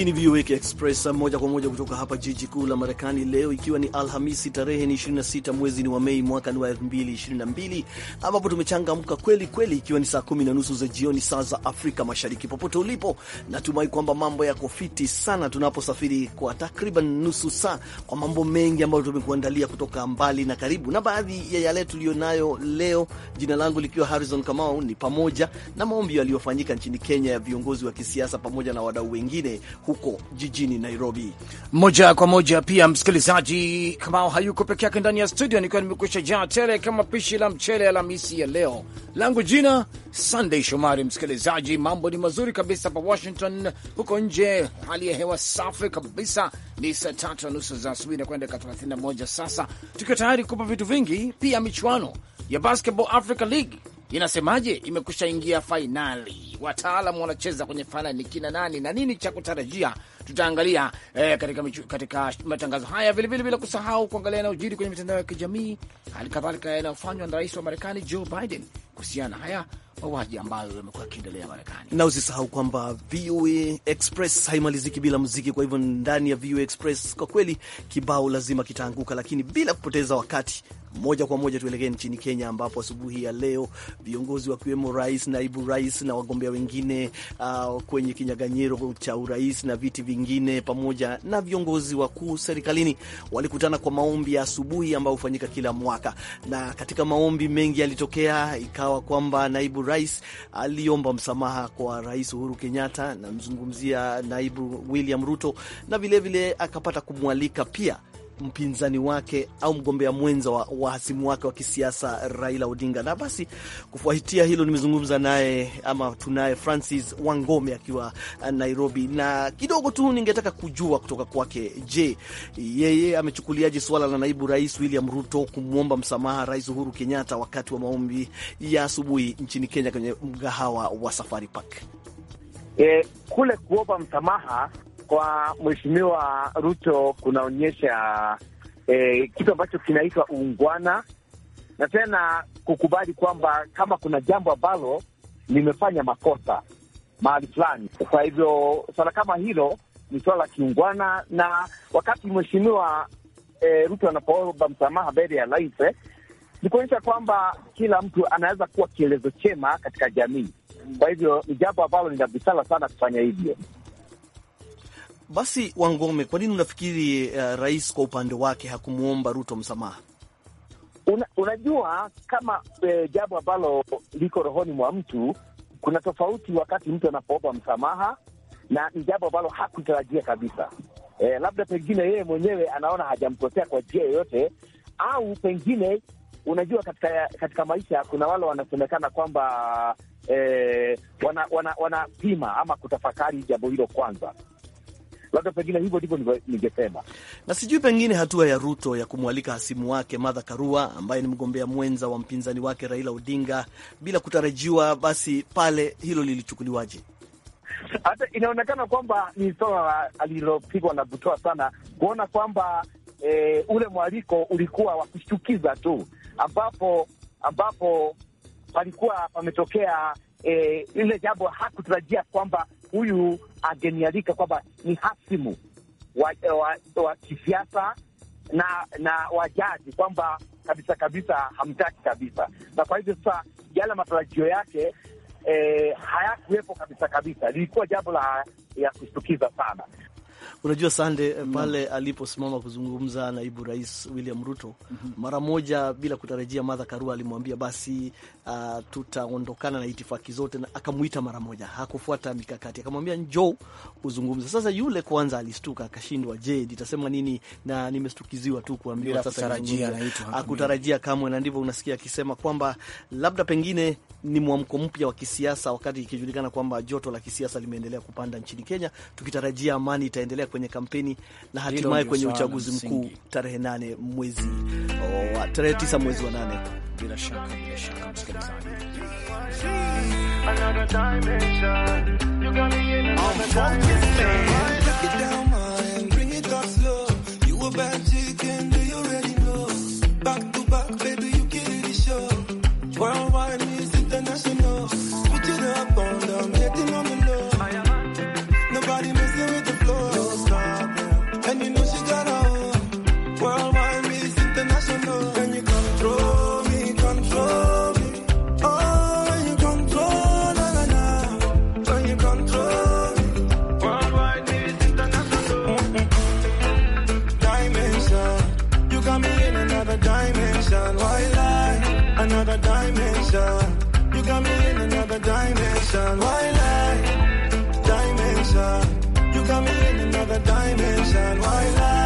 Hii ni VOA Express moja kwa moja kutoka hapa jiji kuu la Marekani, leo ikiwa ni Alhamisi tarehe ni 26 mwezi ni wa Mei mwaka ni wa 2022 ambapo tumechangamka kweli kweli, ikiwa ni saa kumi na nusu za jioni saa za Afrika Mashariki. Popote ulipo, natumai kwamba mambo yako fiti sana, tunaposafiri kwa takriban nusu saa kwa mambo mengi ambayo tumekuandalia kutoka mbali na karibu, na baadhi ya yale tuliyonayo leo, jina langu likiwa Harrison Kamau, ni pamoja na maombi yaliyofanyika nchini Kenya ya viongozi wa kisiasa pamoja na wadau wengine huko jijini Nairobi. Moja kwa moja pia, msikilizaji, Kamao hayuko peke yake ndani ya studio, nikiwa nimekwisha jaa tele kama pishi la mchele Alhamisi ya leo. Langu jina Sunday Shomari. Msikilizaji, mambo ni mazuri kabisa hapa Washington, huko nje hali ya hewa safi kabisa. Ni saa tatu na nusu za asubuhi na kwenda ka 31 sasa, tukiwa tayari kupa vitu vingi, pia michuano ya Basketball Africa League inasemaje? Imekusha ingia fainali, wataalam wanacheza kwenye fainali kina nani na nini cha kutarajia, tutaangalia eh, katika, katika matangazo haya vilevile, bila kusahau kuangalia yanayojiri kwenye mitandao ya kijamii, hali kadhalika yanayofanywa na rais wa Marekani Joe Biden kuhusiana na haya mauaji ambayo yamekuwa yakiendelea Marekani. Na usisahau kwamba VOA Express haimaliziki bila muziki. Kwa hivyo ndani ya VOA Express kwa kweli kibao lazima kitaanguka, lakini bila kupoteza wakati moja kwa moja tuelekee nchini Kenya, ambapo asubuhi ya leo viongozi wakiwemo rais, naibu rais na wagombea wengine uh, kwenye kinyaganyiro cha urais na viti vingine, pamoja na viongozi wakuu serikalini walikutana kwa maombi ya asubuhi ambayo hufanyika kila mwaka, na katika maombi mengi yalitokea, ikawa kwamba naibu rais aliomba msamaha kwa Rais Uhuru Kenyatta, namzungumzia naibu William Ruto, na vilevile akapata kumwalika pia mpinzani wake au mgombea mwenza wa, wahasimu wake wa kisiasa Raila Odinga. Na basi kufuatia hilo nimezungumza naye ama tunaye Francis Wangome akiwa uh, Nairobi, na kidogo tu ningetaka kujua kutoka kwake, je, yeye amechukuliaje suala la naibu rais William Ruto kumwomba msamaha Rais Uhuru Kenyatta wakati wa maombi ya asubuhi nchini Kenya kwenye mgahawa wa Safari Park? E, kule kuomba msamaha kwa Mheshimiwa Ruto kunaonyesha eh, kitu ambacho kinaitwa uungwana na tena kukubali kwamba kama kuna jambo ambalo limefanya makosa mahali fulani. Kwa hivyo swala kama hilo ni swala la kiungwana, na wakati mheshimiwa e, Ruto anapoomba msamaha mbele ya rais eh, ni kuonyesha kwamba kila mtu anaweza kuwa kielezo chema katika jamii. Kwa hivyo ni jambo ambalo lina busara sana kufanya hivyo. Basi Wangome, kwa nini unafikiri uh, rais kwa upande wake hakumwomba Ruto msamaha? Una, unajua kama e, jambo ambalo liko rohoni mwa mtu, kuna tofauti wakati mtu anapoomba msamaha na ni jambo ambalo hakutarajia kabisa. E, labda pengine yeye mwenyewe anaona hajamkosea kwa njia yoyote, au pengine unajua, katika katika maisha kuna wale wanasemekana kwamba e, wanapima wana, wana ama kutafakari jambo hilo kwanza labda pengine hivyo ndivyo ningesema. Na sijui pengine hatua ya Ruto ya kumwalika hasimu wake Martha Karua ambaye ni mgombea mwenza wa mpinzani wake Raila Odinga bila kutarajiwa, basi pale hilo lilichukuliwaje? Hata inaonekana kwamba ni swala alilopigwa na butoa sana, kuona kwamba e, ule mwaliko ulikuwa wa kushtukiza tu, ambapo ambapo palikuwa pametokea e, eh, ile jambo hakutarajia kwamba huyu agenialika kwamba ni hasimu wa, wa, wa kisiasa na na wajaji kwamba kabisa kabisa hamtaki kabisa, na kwa hivyo sasa yale matarajio yake e, hayakuwepo kabisa kabisa. Lilikuwa jambo la ya kushtukiza sana, Unajua Sande eh, pale no. aliposimama kuzungumza naibu rais William Ruto mm -hmm. mara moja bila kutarajia, Martha Karua alimwambia basi, uh, tutaondokana na itifaki zote, na akamwita mara moja, hakufuata mikakati, akamwambia njoo kuzungumza. Sasa yule kwanza alistuka akashindwa, je, nitasema nini? Na nimestukiziwa tu kuambiwa sasa, hakutarajia kamwe, na ndivyo unasikia akisema kwamba labda pengine ni mwamko mpya wa kisiasa, wakati ikijulikana kwamba joto la kisiasa limeendelea kupanda nchini Kenya, tukitarajia amani itaendelea kuendelea kwenye kampeni na hatimaye kwenye uchaguzi mkuu tarehe nane mwezi oh, tarehe tisa mwezi wa nane. Bila shaka, bila shaka msikilizaji dimension. You got me in another dimension. Why lie? Dimension. You got me in another dimension. Why lie?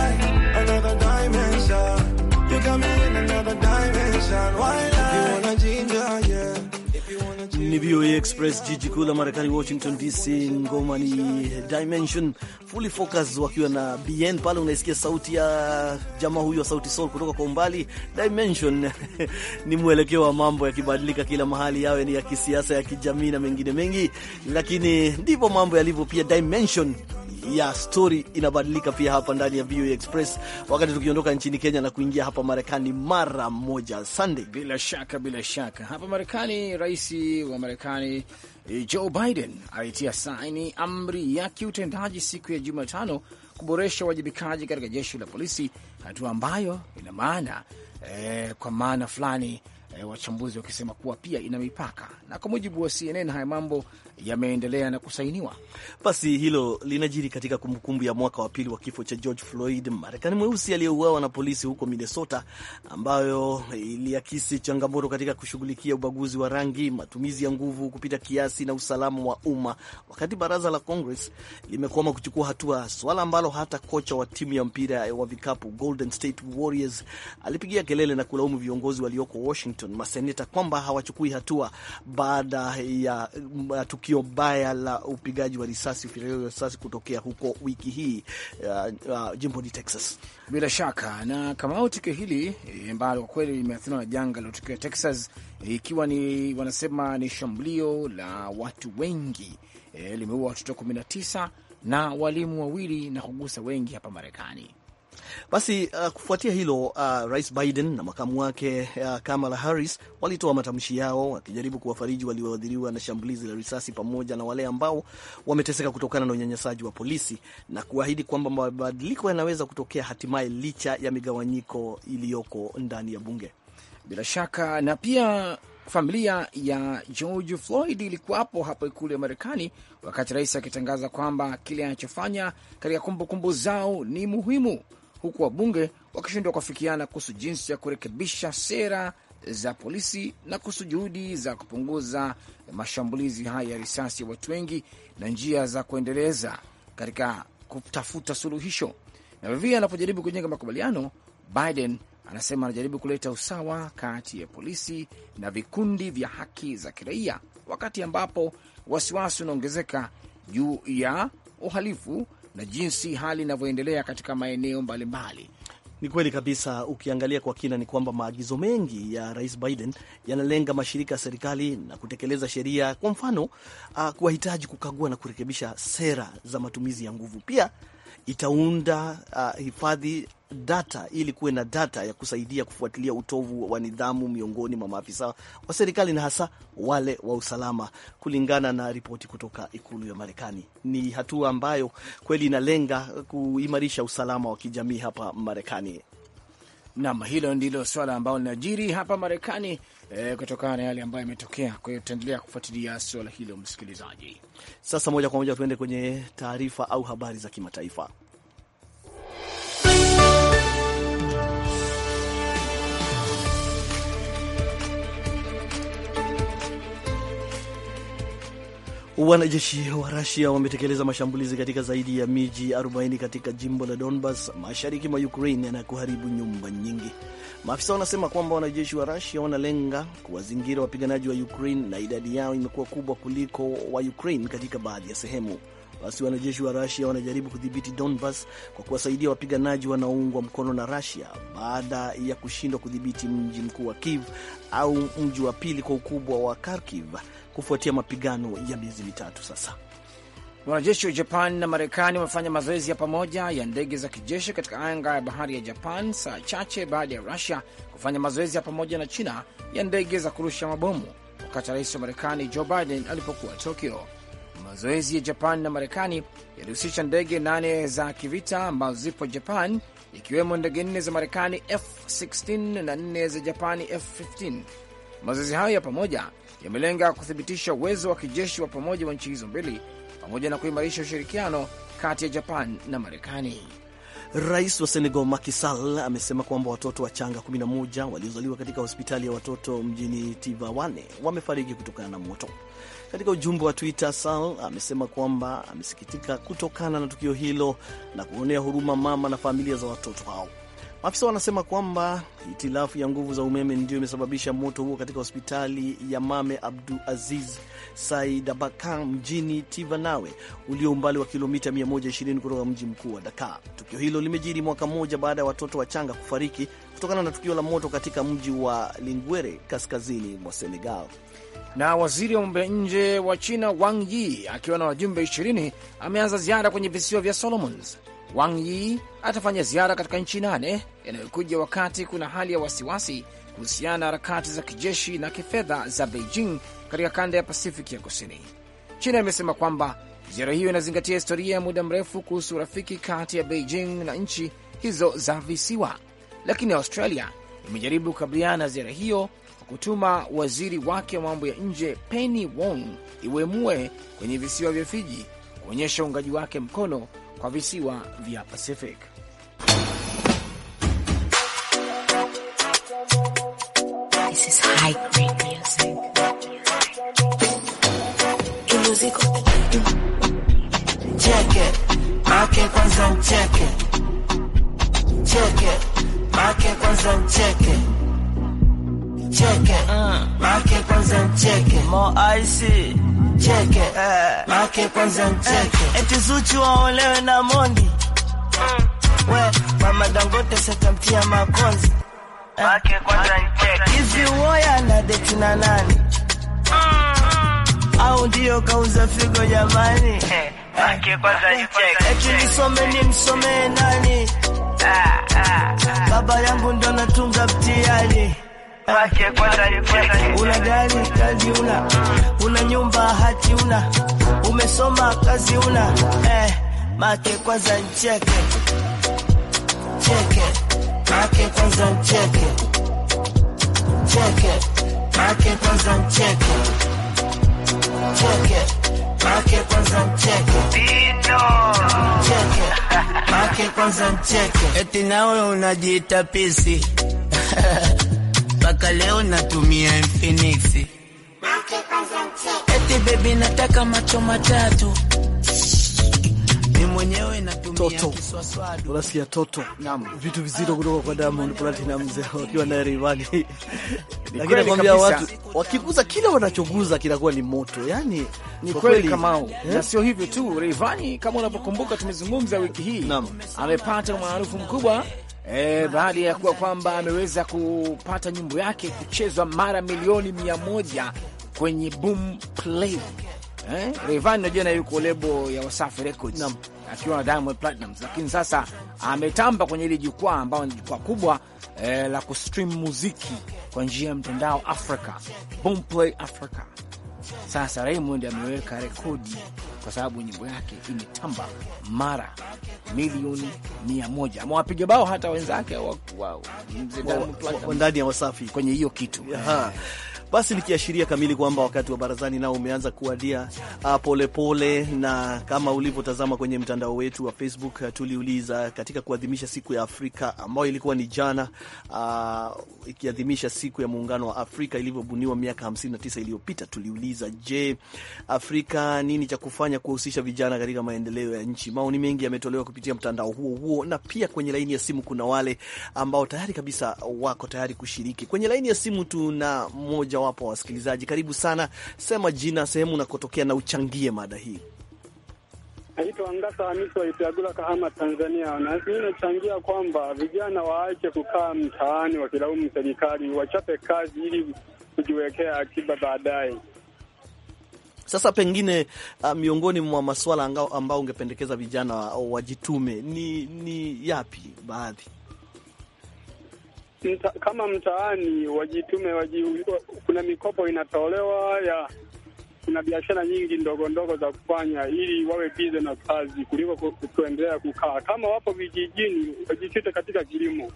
ni VOA Express, jiji kuu la Marekani, Washington DC. Ngoma ni Dimension Fully Focus wakiwa na BN pale, unaisikia sauti ya jamaa huyo wa Sauti Soul kutoka kwa umbali. Dimension ni mwelekeo wa mambo yakibadilika kila mahali, yawe ni ya kisiasa, ya kijamii na mengine mengi, lakini ndivyo mambo yalivyo. Pia Dimension ya stori inabadilika pia hapa ndani ya VOA Express, wakati tukiondoka nchini Kenya na kuingia hapa Marekani mara moja. Sunday, bila shaka, bila shaka hapa Marekani, rais wa Marekani eh, Joe Biden alitia saini amri ya kiutendaji siku ya Jumatano kuboresha uwajibikaji katika jeshi la polisi, hatua ambayo ina maana eh, kwa maana fulani eh, wachambuzi wakisema kuwa pia ina mipaka, na kwa mujibu wa CNN haya mambo yameendelea na kusainiwa. Basi hilo linajiri katika kumbukumbu ya mwaka wa pili wa kifo cha George Floyd, Marekani mweusi aliyeuawa na polisi huko Minnesota, ambayo iliakisi changamoto katika kushughulikia ubaguzi wa rangi, matumizi ya nguvu kupita kiasi na usalama wa umma, wakati baraza la Congress limekwama kuchukua hatua, swala ambalo hata kocha wa timu ya mpira wa vikapu Golden State Warriors alipigia kelele na kulaumu viongozi walioko Washington, maseneta kwamba hawachukui hatua baada ya mm, tukio baya la upigaji wa risasi, ufyatuaji wa risasi kutokea huko wiki hii uh, uh, jimboni Texas. Bila shaka na kama tukio hili eh, ambalo kwa kweli limeathiriwa na janga lilotokea Texas, eh, ikiwa ni wanasema ni shambulio la watu wengi e, limeua watoto 19 na walimu wawili na kugusa wengi hapa Marekani. Basi uh, kufuatia hilo uh, Rais Biden na makamu wake uh, Kamala Harris walitoa matamshi yao wakijaribu kuwafariji walioadhiriwa na shambulizi la risasi pamoja na wale ambao wameteseka kutokana na unyanyasaji wa polisi na kuahidi kwamba mabadiliko yanaweza kutokea hatimaye licha ya migawanyiko iliyoko ndani ya bunge. Bila shaka na pia familia ya George Floyd ilikuwapo hapo Ikulu ya Marekani wakati rais akitangaza kwamba kile anachofanya katika kumbukumbu zao ni muhimu huku wabunge wakishindwa kuafikiana kuhusu jinsi ya kurekebisha sera za polisi na kuhusu juhudi za kupunguza mashambulizi haya ya risasi ya watu wengi na njia za kuendeleza katika kutafuta suluhisho. Na vivia anapojaribu kujenga makubaliano, Biden anasema anajaribu kuleta usawa kati ya polisi na vikundi vya haki za kiraia, wakati ambapo wasiwasi unaongezeka juu ya uhalifu na jinsi hali inavyoendelea katika maeneo mbalimbali. Ni kweli kabisa. Ukiangalia kwa kina, ni kwamba maagizo mengi ya Rais Biden yanalenga mashirika ya serikali na kutekeleza sheria, kwa mfano uh, kuwahitaji kukagua na kurekebisha sera za matumizi ya nguvu. Pia itaunda uh, hifadhi data ili kuwe na data ya kusaidia kufuatilia utovu wa nidhamu miongoni mwa maafisa wa serikali na hasa wale wa usalama, kulingana na ripoti kutoka ikulu ya Marekani. Ni hatua ambayo kweli inalenga kuimarisha usalama wa kijamii hapa Marekani. Nam, hilo ndilo swala ambalo linajiri hapa Marekani e, kutokana na yale ambayo yametokea. Kwa hiyo tutaendelea kufuatilia swala hilo, msikilizaji. Sasa moja kwa moja tuende kwenye taarifa au habari za kimataifa. Wanajeshi wa Rasia wametekeleza mashambulizi katika zaidi ya miji 40 katika jimbo la Donbas mashariki mwa Ukraine na kuharibu nyumba nyingi. Maafisa wanasema kwamba wanajeshi wa Rasia wanalenga kuwazingira wapiganaji wa Ukraine na idadi yao imekuwa kubwa kuliko wa Ukraine katika baadhi ya sehemu basi wanajeshi wa Rasia wanajaribu kudhibiti Donbas kwa kuwasaidia wapiganaji wanaoungwa mkono na Rasia baada ya kushindwa kudhibiti mji mkuu wa Kiev au mji wa pili kwa ukubwa wa Kharkiv kufuatia mapigano ya miezi mitatu sasa. Wanajeshi wa Japan na Marekani wamefanya mazoezi ya pamoja ya ndege za kijeshi katika anga ya bahari ya Japan saa chache baada ya Rusia kufanya mazoezi ya pamoja na China ya ndege za kurusha mabomu wakati rais wa Marekani Joe Biden alipokuwa Tokyo. Mazoezi ya Japan na Marekani yalihusisha ndege nane za kivita ambazo zipo Japan, ikiwemo ndege nne za Marekani F16 na nne za Japani F15. Mazoezi hayo ya pamoja yamelenga kuthibitisha uwezo wa kijeshi wa pamoja wa nchi hizo mbili pamoja na kuimarisha ushirikiano kati ya Japan na Marekani. Rais wa Senegal Macky Sall amesema kwamba watoto wachanga 11 waliozaliwa katika hospitali ya watoto mjini Tivawane wamefariki kutokana na moto. Katika ujumbe wa Twitter, Sal amesema kwamba amesikitika kutokana na tukio hilo na kuonea huruma mama na familia za watoto hao. Maafisa wanasema kwamba hitilafu ya nguvu za umeme ndio imesababisha moto huo katika hospitali ya Mame Abdu Aziz Saidabaka mjini Tivanawe, ulio umbali wa kilomita 120 kutoka mji mkuu wa Dakar. Tukio hilo limejiri mwaka mmoja baada ya watoto wachanga kufariki kutokana na tukio la moto katika mji wa Lingwere, kaskazini mwa Senegal na waziri wa mambo ya nje wa China Wang Yi akiwa na wajumbe 20 ameanza ziara kwenye visiwa vya Solomons. Wang Yi atafanya ziara katika nchi nane yanayokuja wakati kuna hali ya wasiwasi kuhusiana na harakati za kijeshi na kifedha za Beijing katika kanda ya Pasifiki ya Kusini. China imesema kwamba ziara hiyo inazingatia historia ya muda mrefu kuhusu urafiki kati ya Beijing na nchi hizo za visiwa, lakini Australia imejaribu kukabiliana na ziara hiyo kwa kutuma waziri wake wa mambo ya nje Penny Wong Iwemue kwenye visiwa vya Fiji kuonyesha uungaji wake mkono kwa visiwa vya Pacific. This is high grade music. Cheke, make kwanza mcheke. Cheke, make kwanza mcheke cheke make kwanza mcheke mo ice cheke uh. make kwanza mcheke uh. eti Zuchu waolewe na Mondi uh. we mama Dangote setamtia makonzi make kwanza mcheke hivi woya na deti na nani au ndio kauza figo jamani make kwanza mcheke eti nisome ni msome nani ah, ah, ah. baba yangu ndo natunga mtihani Una gari kazi una, una nyumba hati una, umesoma kazi una, eh, make kwanza ncheke cheke, make kwanza ncheke cheke, make kwanza ncheke cheke, make kwanza ncheke cheke, make kwanza ncheke, eti nawe unajiita pisi mpaka leo natumia Infinix. Eti baby, nataka macho matatu Toto unasikia Toto, naam, vitu vizito ah. kutoka kwa Diamond Platnumz wakiwa na rivali lakini nakwambia watu wakiguza, kila wanachoguza kinakuwa ni moto. Yani ni kweli kama au. Eh? na sio hivyo tu, Rayvanny kama unavyokumbuka tumezungumza wiki hii, amepata umaarufu mkubwa E, baada ya kuwa kwamba ameweza kupata nyimbo yake kuchezwa mara milioni mia moja kwenye boom play. Eh, Rayvanny najua na yuko lebo ya Wasafi Records no. akiwa na Diamond Platnumz, lakini sasa ametamba kwenye ile jukwaa ambayo ni jukwaa kubwa eh, la kustream muziki kwa njia ya mtandao Africa, Boomplay Africa sasa Raymond ameweka rekodi kwa sababu nyimbo yake imetamba mara milioni mia moja, amewapiga bao hata wenzake wa ndani ya Wasafi kwenye hiyo kitu. Basi nikiashiria kamili kwamba wakati wa barazani nao umeanza kuadia ah, polepole, na kama ulivyotazama kwenye mtandao wetu wa Facebook, ah, tuliuliza katika kuadhimisha siku ya Afrika ambayo ilikuwa ni jana, uh, ikiadhimisha siku ya muungano wa Afrika ilivyobuniwa miaka 59 iliyopita, tuliuliza je, Afrika nini cha kufanya kuhusisha vijana katika maendeleo ya nchi? Maoni mengi yametolewa kupitia mtandao huo huo, na pia kwenye laini ya simu kuna wale ambao tayari kabisa wako tayari kushiriki. Kwenye laini ya simu tuna moja mojawapo wa wasikilizaji. Karibu sana, sema jina, sehemu unakotokea na uchangie mada hii. Naitwa Angasa Hamisi Walipiagula, Kahama, Tanzania. Na mimi nachangia kwamba vijana waache kukaa mtaani wakilaumu serikali, wachape kazi ili kujiwekea akiba baadaye. Sasa pengine uh, miongoni mwa masuala ambao ungependekeza vijana wajitume ni, ni yapi baadhi? mta, kama mtaani wajitume waji, kuna mikopo inatolewa ya kuna biashara nyingi ndogo ndogo za kufanya ili wawe bize na kazi kuliko kuendelea kukaa. Kama wapo vijijini, wajikite katika kilimo.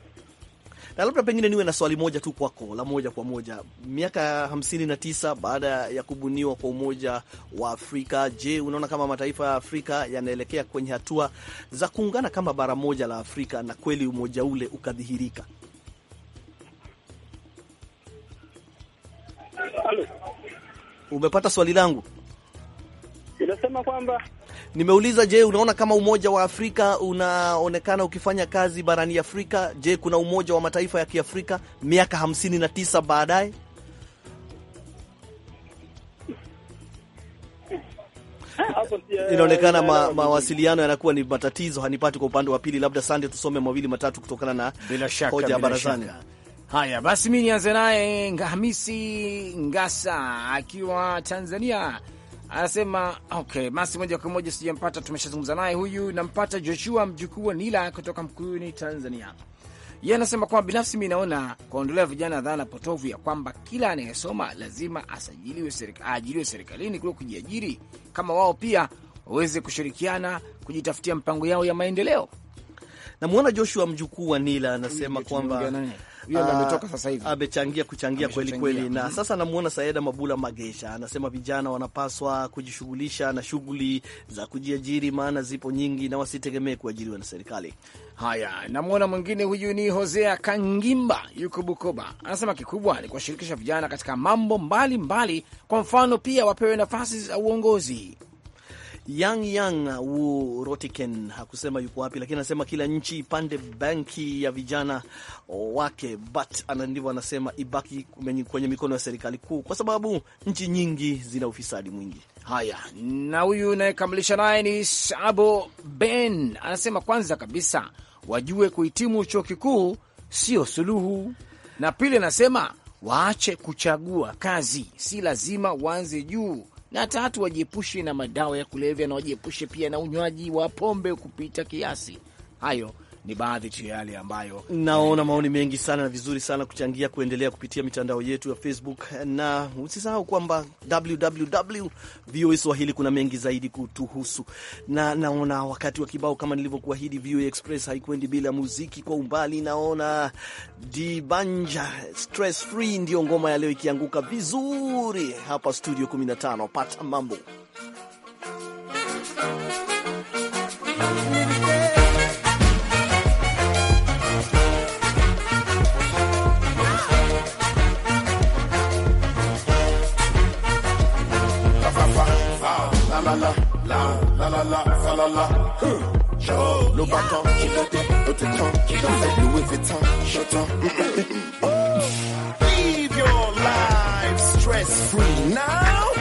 Na labda pengine niwe na swali moja tu kwako la moja kwa moja. Miaka hamsini na tisa baada ya kubuniwa kwa Umoja wa Afrika, je, unaona kama mataifa ya Afrika yanaelekea kwenye hatua za kuungana kama bara moja la Afrika na kweli umoja ule ukadhihirika? Halo. Umepata swali langu? Inasema kwamba nimeuliza, je, unaona kama Umoja wa Afrika unaonekana ukifanya kazi barani Afrika? Je, kuna Umoja wa Mataifa ya Kiafrika miaka hamsini na tisa baadaye? Eh, Inaonekana ma, mawasiliano yanakuwa ni matatizo, hanipati kwa upande wa pili. Labda Sande, tusome mawili matatu kutokana na hoja ya barazani. Haya basi, mi nianze naye Hamisi Ngasa akiwa Tanzania, anasema okay, basi moja kwa moja, sijampata, tumeshazungumza naye huyu. Nampata Joshua mjukuu wa Nila kutoka Mkuyuni, Tanzania. Ye anasema kwamba binafsi mi naona kuondolea vijana dhana potovu ya kwamba kila anayesoma lazima asajiliwe aajiliwe serikalini kuliko kujiajiri, kama wao pia waweze kushirikiana kujitafutia mpango yao ya maendeleo. Namwona Joshua mjukuu wa Nila anasema kwamba hiyo ndio ah, sasa hivi, amechangia kuchangia kweli kweli. Na mm-hmm. sasa namuona Saeda Mabula Magesha anasema vijana wanapaswa kujishughulisha na shughuli za kujiajiri, maana zipo nyingi na wasitegemee kuajiriwa na serikali. Haya, namwona mwingine huyu ni Hosea Kangimba, yuko Bukoba, anasema kikubwa ni kuwashirikisha vijana katika mambo mbalimbali mbali, kwa mfano pia wapewe nafasi za uongozi. Yang Yang uh, Wu Rotiken hakusema yuko wapi, lakini anasema kila nchi ipande benki ya vijana wake, but ndivyo anasema ibaki kwenye mikono ya serikali kuu, kwa sababu nchi nyingi zina ufisadi mwingi. Haya, na huyu unayekamilisha naye ni Sabo Ben, anasema kwanza kabisa wajue kuhitimu chuo kikuu sio suluhu, na pili anasema waache kuchagua kazi, si lazima uanze juu na tatu, wajiepushe na madawa ya kulevya na wajiepushe pia na unywaji wa pombe kupita kiasi. Hayo ni baadhi tu ya yale ambayo eh, naona maoni mengi sana na vizuri sana kuchangia kuendelea kupitia mitandao yetu ya Facebook, na usisahau kwamba www VOA Swahili kuna mengi zaidi kutuhusu, na naona wakati wa kibao kama nilivyokuahidi, VOA Express haikwendi bila muziki. Kwa umbali naona Dibanja Stress Free ndiyo ngoma ya leo ikianguka vizuri hapa studio 15. Pata mambo falala, falala. Huh. Le bâton qui le dé, le tétan, qui le fait Louis Vuitton, j'entends. Live your life stress free now.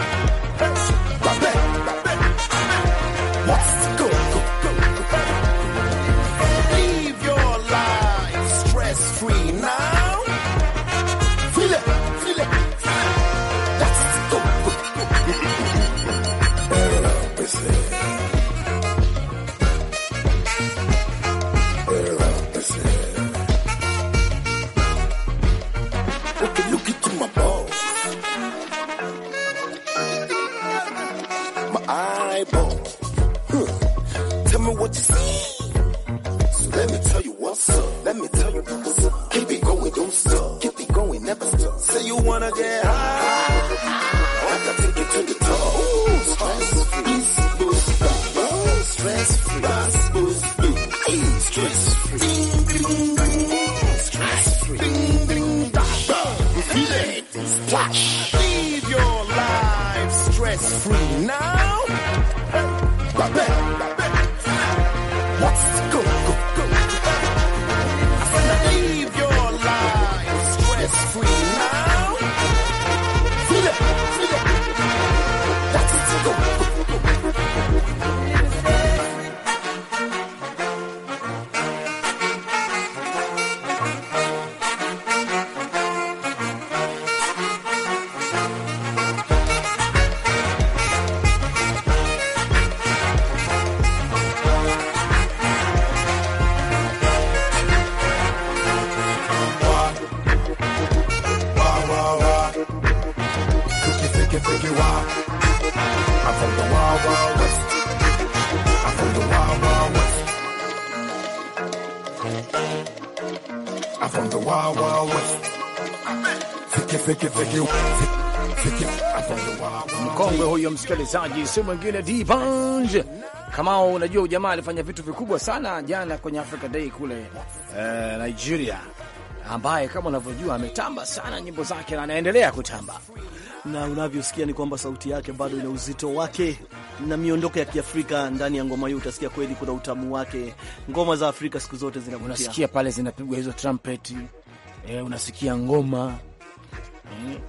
Mkongwe huyo msikilizaji, si mwingine D'banj Kama Unajua, ujamaa alifanya vitu vikubwa sana jana kwenye Africa Day kule uh, Nigeria, ambaye kama unavyojua ametamba sana nyimbo zake na anaendelea kutamba na unavyosikia ni kwamba sauti yake bado ina uzito wake na miondoko ya Kiafrika ndani ya ngoma hiyo. Utasikia kweli kuna utamu wake. Ngoma za Afrika siku zote zinavutia, unasikia pale zinapigwa hizo trumpeti, eh, unasikia ngoma Mm.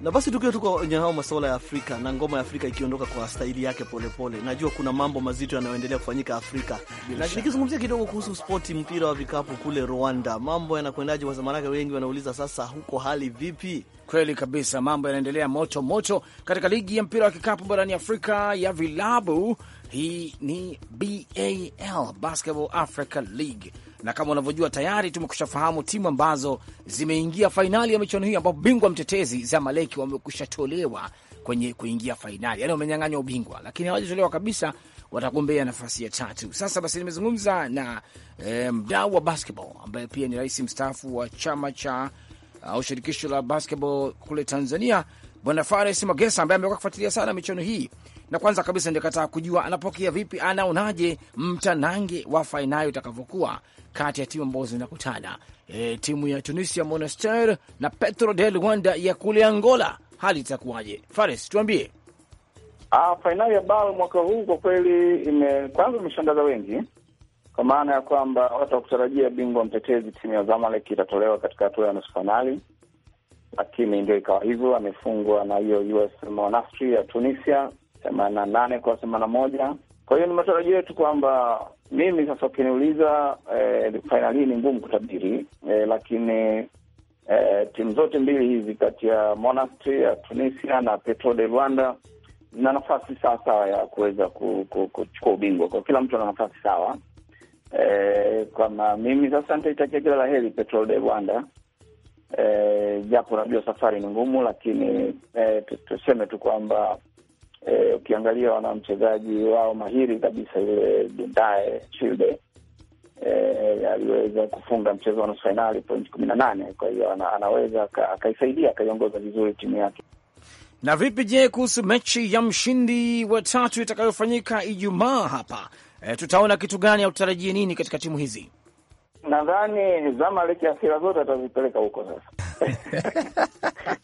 na basi tukiwa tu kwenye hao masuala ya Afrika na ngoma ya Afrika ikiondoka kwa staili yake polepole pole. Najua kuna mambo mazito yanayoendelea kufanyika Afrika, na nikizungumzia kidogo kuhusu spoti, mpira wa vikapu kule Rwanda, mambo yanakwendaje? Wazamanake wengi wanauliza sasa, huko hali vipi? Kweli kabisa, mambo yanaendelea moto moto katika ligi ya mpira wa kikapu barani Afrika ya vilabu. Hii ni BAL, Basketball Africa League na kama unavyojua tayari tumekushafahamu timu ambazo zimeingia fainali ya michuano hii, ambapo bingwa mtetezi Zamaleki tolewa kwenye kuingia fainali, yani wamenyang'anywa ubingwa, lakini hawajatolewa kabisa, watagombea nafasi ya tatu. Sasa basi, nimezungumza na e, mdau wa basketball ambaye pia ni rais mstaafu wa chama cha uh, au shirikisho la basketball kule Tanzania, Bwana Fares Magesa ambaye amekuwa akifuatilia sana michuano hii na kwanza kabisa ndikataka kujua anapokea vipi, anaonaje mtanange wa fainali utakavyokuwa kati ya timu ambazo zinakutana, e, timu ya Tunisia Monaster na Petro de Luanda ya kule Angola, hali itakuwaje? Fares, tuambie. Ah, fainali ya bao mwaka huu kwa kweli ime kwanza imeshangaza wengi kwa maana ya kwamba watu wakutarajia bingwa mtetezi timu ya Zamalek itatolewa katika hatua ya nusu fainali, lakini ndio ikawa hivyo. Amefungwa na hiyo US Monastir ya Tunisia themanini na nane kwa themanini na moja kwa hiyo ni matarajio yetu kwamba mimi sasa ukiniuliza eh, fainali hii ni ngumu kutabiri eh, lakini eh, timu zote mbili hizi kati ya Monastri ya Tunisia na Petro de rwanda na nafasi sawasawa ya kuweza kuchukua ubingwa, kwa kila mtu ana nafasi sawa. Eh, kama mimi sasa nitaitakia kila la heri Petro de Luanda eh, japo najua safari ni ngumu, lakini eh, tuseme tu kwamba Eh, ukiangalia e, wana mchezaji wao mahiri kabisa yule Dundae Childe e, eh, aliweza kufunga mchezo wa nusu fainali point kumi na nane. Kwa hiyo ana, anaweza akaisaidia akaiongoza vizuri timu yake. Na vipi je, kuhusu mechi ya mshindi wa tatu itakayofanyika Ijumaa hapa e, tutaona kitu gani au tutarajie nini katika timu hizi? Nadhani Zamalek asira zote atazipeleka huko sasa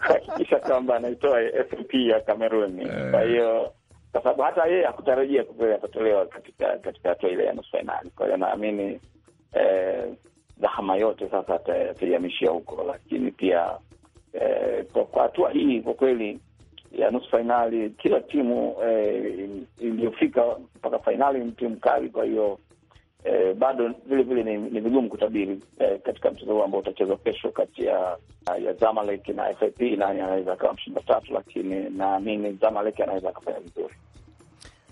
kuhakikisha kwamba anaitoa FP ya Kameruni. Eh. Kwa hiyo kwa sababu hata yeye hakutarajia atatolewa katika katika hatua ile ya nusu fainali. Kwa hiyo naamini eh, dhahama yote sasa ataiamishia huko, lakini pia eh, kwa hatua hii kwa kweli ya nusu fainali kila timu eh, iliyofika mpaka fainali ni timu kali, kwa hiyo eh, bado vile vile ni, ni vigumu kutabiri eh, katika mchezo huo ambao utachezwa kesho kati ya ya Zamalek na FIP, nani anaweza akawa mshinda tatu, lakini naamini Zamalek anaweza akafanya vizuri.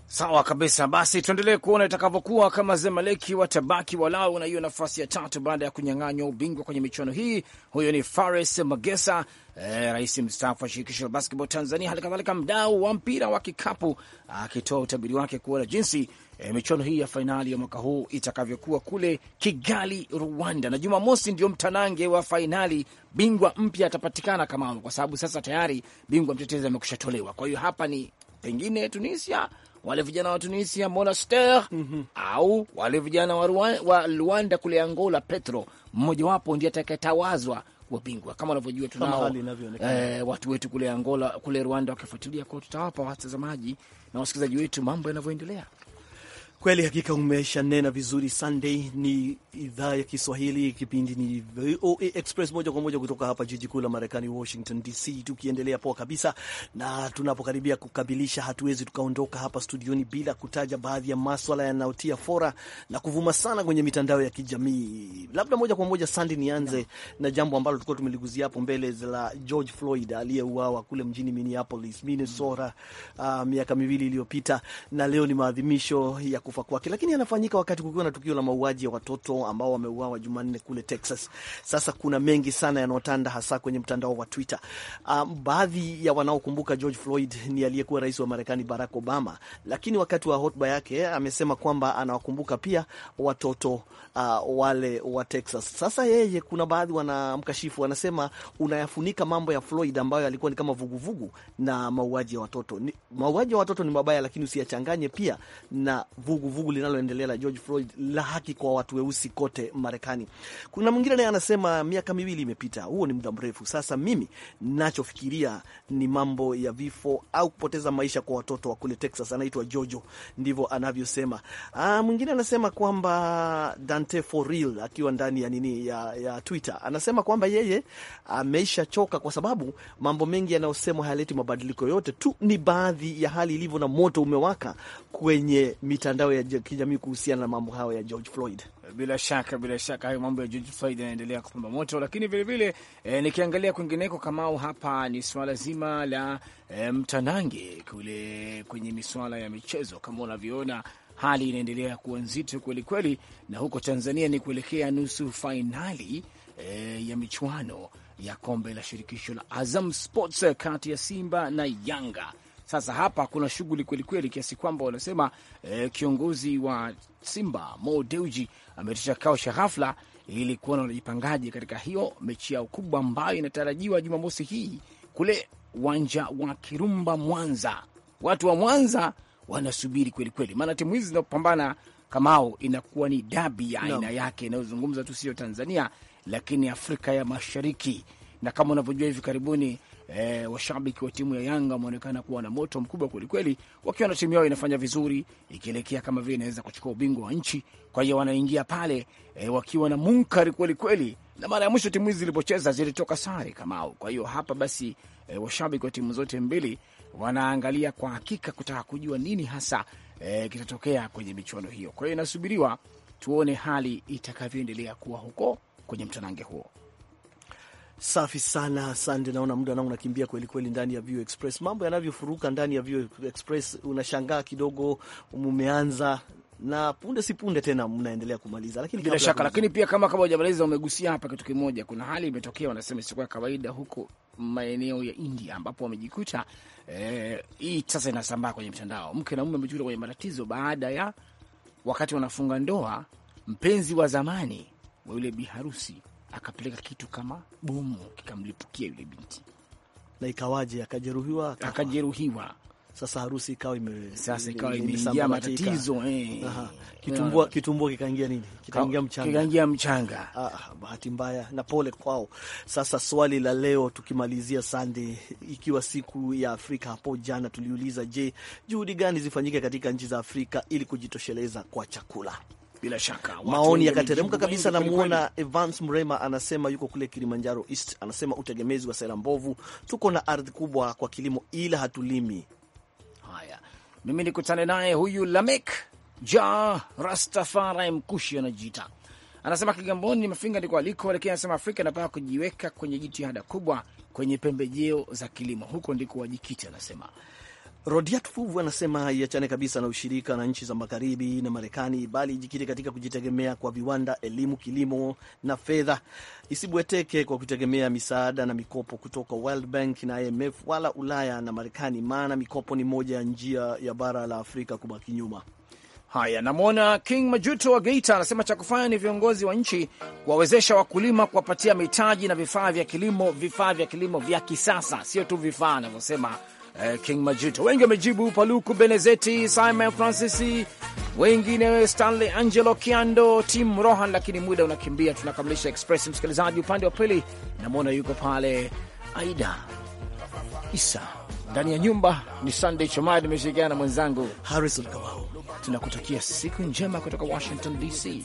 Sawa kabisa. Basi tuendelee kuona itakavyokuwa kama Zemaleki watabaki walau na hiyo nafasi ya tatu baada ya kunyang'anywa ubingwa kwenye michuano hii. Huyo ni Fares Magesa, eh, rais mstaafu wa shirikisho la basketball Tanzania, hali kadhalika mdau wa mpira wa kikapu akitoa utabiri wake kuona jinsi e, michuano hii ya fainali ya mwaka huu itakavyokuwa kule Kigali, Rwanda. Na Jumamosi ndio mtanange wa fainali, bingwa mpya atapatikana kama, kwa sababu sasa tayari bingwa mtetezi amekusha tolewa. Kwa hiyo hapa ni pengine Tunisia, wale vijana wa Tunisia Monaster mm -hmm. au wale vijana wa Rwanda, wa kule Angola, Petro, mmojawapo ndiye atakayetawazwa wabingwa kama unavyojua tunao eh, watu wetu kule Angola, kule Rwanda wakifuatilia kwao. Tutawapa watazamaji na wasikilizaji wetu mambo yanavyoendelea. Kweli hakika umeshanena vizuri Sunday. Ni idhaa ya Kiswahili, kipindi ni VOA Express moja kwa moja kutoka hapa jiji kuu la Marekani, Washington DC, tukiendelea poa kabisa. Na tunapokaribia kukamilisha, hatuwezi tukaondoka hapa studioni bila kutaja baadhi ya maswala yanayotia fora na kuvuma sana kwenye mitandao ya kijamii. Labda moja kwa moja, Sunday, nianze na jambo ambalo tulikuwa tumeliguzia hapo mbele la George Floyd aliyeuawa kule mjini Minneapolis, Minnesota, uh, miaka miwili iliyopita, na leo ni maadhimisho ya kufa kwake, lakini anafanyika wakati kukiwa na tukio la mauaji ya watoto ambao wameuawa Jumanne kule Texas. Sasa kuna mengi sana yanayotanda, hasa kwenye mtandao wa Twitter. Um, baadhi ya wanaokumbuka George Floyd ni aliyekuwa rais wa Marekani Barack Obama, lakini wakati wa hotuba yake amesema kwamba anawakumbuka pia watoto uh, wale wa Texas. Sasa yeye, kuna baadhi wanamkashifu, wanasema unayafunika mambo ya Floyd ambayo alikuwa ni kama vuguvugu vugu na mauaji ya watoto. Mauaji ya watoto ni mabaya, lakini usiyachanganye pia na vugu vuguvugu linaloendelea la George Floyd la haki kwa watu weusi kote Marekani. Kuna mwingine naye anasema miaka miwili imepita, huo ni muda mrefu. Sasa mimi nachofikiria ni mambo ya vifo au kupoteza maisha kwa watoto wa kule Texas. Anaitwa Jojo, ndivyo anavyosema. Ah, mwingine anasema kwamba Dante for real akiwa ndani ya nini ya, ya Twitter anasema kwamba yeye ameisha choka kwa sababu mambo mengi yanayosemwa hayaleti mabadiliko yote, tu ni baadhi ya hali ilivyo, na moto umewaka kwenye mitandao mitandao ya kijamii kuhusiana na mambo hayo ya George Floyd. Bila shaka bila shaka hayo mambo ya George Floyd yanaendelea kupamba moto, lakini vilevile eh, nikiangalia kwingineko kamao hapa ni swala zima la eh, mtanange kule kwenye miswala ya michezo kama unavyoona hali inaendelea kuwa nzito kweli kweli, na huko Tanzania ni kuelekea nusu fainali e, ya michuano ya kombe la shirikisho la Azam Sports eh, kati ya Simba na Yanga. Sasa hapa kuna shughuli kwelikweli, kiasi kwamba wanasema eh, kiongozi wa Simba Mo Dewji ameitisha kikao cha ghafla ili kuona wanajipangaje katika hiyo mechi yao kubwa ambayo inatarajiwa Jumamosi hii kule uwanja wa Kirumba Mwanza. Watu wa Mwanza wanasubiri kwelikweli, maana timu hizi zinapopambana Kamao inakuwa ni dabi ya aina no. yake inayozungumza tu sio Tanzania, lakini Afrika ya Mashariki, na kama unavyojua hivi karibuni e, washabiki wa timu ya Yanga wameonekana kuwa na moto mkubwa kwelikweli, wakiwa na timu yao inafanya vizuri ikielekea kama vile inaweza kuchukua ubingwa wa nchi. Kwa hiyo wanaingia pale e, wakiwa na munkari kwelikweli, na mara ya mwisho timu hizi zilipocheza zilitoka sare Kamau. Kwa hiyo hapa basi e, washabiki wa timu zote mbili wanaangalia kwa hakika kutaka kujua nini hasa e, kitatokea kwenye michuano hiyo. Kwa hiyo inasubiriwa tuone hali itakavyoendelea kuwa huko kwenye mtanange huo. Safi sana, asante. Naona muda nao unakimbia kweli kweli ndani ya Vio Express, mambo yanavyofuruka ndani ya Vio Express. Unashangaa kidogo, mumeanza na punde si punde tena mnaendelea kumaliza, lakini bila shaka. Lakini pia kama kama hujamaliza, umegusia hapa kitu kimoja. Kuna hali imetokea, wanasema sikuwa kawaida huko maeneo ya India ambapo wamejikuta eh, hii sasa inasambaa kwenye mtandao. Mke na mume wamejikuta kwenye matatizo baada ya wakati wanafunga ndoa, mpenzi wa zamani wa yule biharusi akapeleka kitu kama bomu kikamlipukia yule binti na ikawaje, akajeruhiwa akajeruhiwa. Sasa harusi ikawa ime sasa ikawa imeingia matatizo eh. eh. Kitumbua kitumbua kikaingia nini? Kikaingia mchanga, kikaingia mchanga. Ah, bahati mbaya na pole kwao. Sasa swali la leo tukimalizia sande ikiwa siku ya Afrika hapo jana, tuliuliza je, juhudi gani zifanyike katika nchi za Afrika ili kujitosheleza kwa chakula? bila shaka maoni yakateremka kabisa. Namuona Evans Mrema anasema yuko kule Kilimanjaro East, anasema utegemezi wa sera mbovu, tuko na ardhi kubwa kwa kilimo ila hatulimi. Haya, mimi nikutane naye huyu Lamek Ja Rastafari Mkushi anajiita anasema Kigamboni Mafinga ndiko aliko, lakini anasema Afrika inapaswa kujiweka kwenye jitihada kubwa kwenye pembejeo za kilimo, huko ndiko wajikiti anasema Rodiat Fuvu anasema iachane kabisa na ushirika na nchi za magharibi na Marekani, bali ijikite katika kujitegemea kwa viwanda, elimu, kilimo na fedha. Isibweteke kwa kutegemea misaada na mikopo kutoka World Bank na IMF wala Ulaya na Marekani, maana mikopo ni moja ya njia ya bara la Afrika kubaki nyuma. Haya, namwona King Majuto wa Geita anasema cha kufanya ni viongozi wa nchi kuwawezesha wakulima, kuwapatia mitaji na vifaa vya kilimo, vifaa vya kilimo vya kisasa, sio tu vifaa anavyosema Eh, King Majuto. Wengi wamejibu Paluku Benezeti, Simon Francis, wengine Stanley Angelo Kiando, Tim Rohan, lakini muda unakimbia, tunakamilisha Express. Msikilizaji upande wa pili namwona yuko pale Aida Isa ndani ya nyumba. Ni Sunday Chomai, nimeshirikiana na mwenzangu Harrison Kamau. Tunakutakia siku njema kutoka Washington DC.